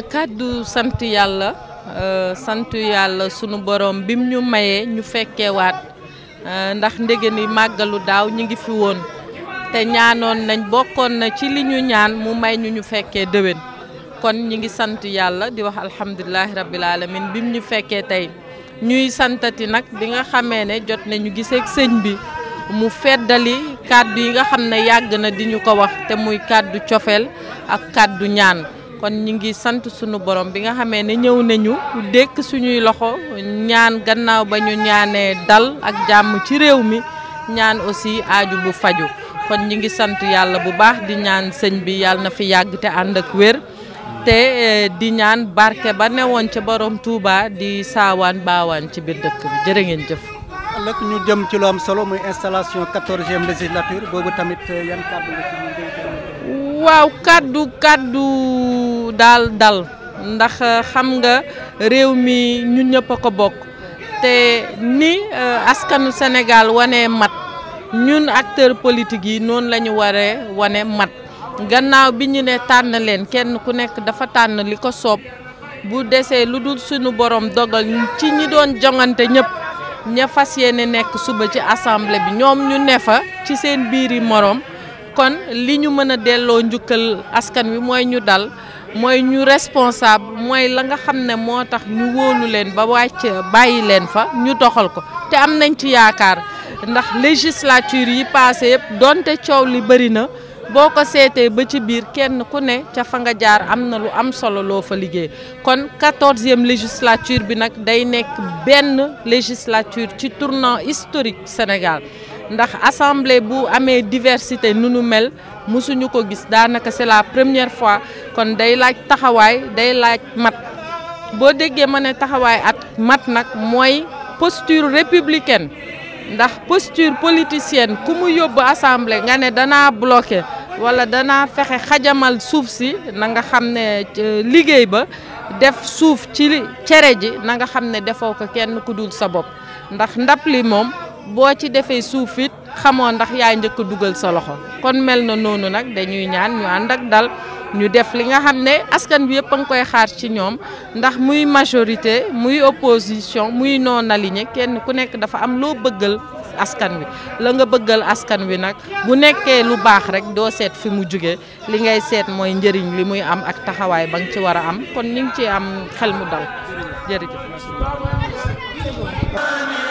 kàddu sant yàlla euh, sant yàlla sunu borom bim ñu mayee ñu fekkeewaat euh, ndax ndege ni màggalu daaw ñu ngi fi woon te ñaanoon nañ bokkoon na ci li ñu ñaan mu may ñu ñu fekkee déwén kon ñi ngi sant yàlla di wax alhamdulilahi rabbil alamin bim ñu fekkee tey ñuy santati nag bi nga xamee ne jot nañu giseeg sëñ bi mu feddali kàddu yi nga xam ne yàgg na di ñu ko wax te muy kàddu cofeel ak kàddu ñaan kon ñu ngi sant sunu borom bi nga xamee ne ñëw nañu dékk suñuy loxo ñaan gannaaw ba ñu ñaanee dal ak jàmm ci réew mi ñaan aussi aaju bu faju kon ñu ngi sant yàlla bu baax di ñaan sëñ bi yàlla na fi yàgg te ànd ak wér te eh, di ñaan barke ba newoon ca borom Touba di saawaan baawaan ci biir dëkk bi jërë ngeen jëf nag ñu jëm ci lu solo muy installation quatorzième législature boobu tamit eh, yan kàddu waaw kàddu kàddu daal dal ndax eh, xam nga réew mi ñun ñëpp a ko bokk te ni eh, askanu Sénégal wane mat ñun acteur politique yi noonu la ñu waree wane mat gannaaw bi ñu ne tànn leen kenn ku nekk dafa tànn li ko soob bu desee lu dul suñu borom dogal ci ñi doon jongante ñëpp. ña fas yéene nekk suba ci assamble bi ñoom ñu ne fa ci seen biir yi moroom kon li ñu mën a delloo njukkal askan wi mooy ñu dal mooy ñu responsable mooy la nga xam ne moo tax ñu wóolu leen ba wàcc bàyyi leen fa ñu doxal ko te am nañ ci yaakaar ndax législature yi paase yëpp donte coow li bëri na boo ko seetee ba ci biir kenn ku ne ca fa nga jaar am na lu am solo loo fa liggéey kon quatorzième législature bi nag day nekk benn législature ci tournant historique Sénégal ndax assemblée bu amee diversité nu nu mel mësuñu ko gis daanaka c'est la première fois kon day laaj taxawaay day laaj mat boo déggee ma ne taxawaay at mat nag mooy posture républicaine ndax posture politicienne ku mu yóbbu assemblée nga ne danaa bloqué wala danaa fexe xajamal suuf si nanga xam ne liggéey ba def suuf ci cere ji nanga xam ne defoo ko kenn ku dul sa bopp ndax ndab li moom boo ci defee suuf it xamoo ndax yaa njëkk dugal sa loxo kon mel na noonu nag dañuy ñaan ñu ànd ak dal ñu def li nga xam ne askan bi yëpp a ngi koy xaar ci ñoom ndax muy majorité muy opposition muy non kenn ku nekk dafa am loo bëggal askan wi la nga bëggal askan wi nag bu nekkee lu baax rek doo seet fi mu jóge li ngay seet mooy njëriñ li muy am ak taxawaay ba nga ci war a am kon ñu ci am xel mu dal jërëjëf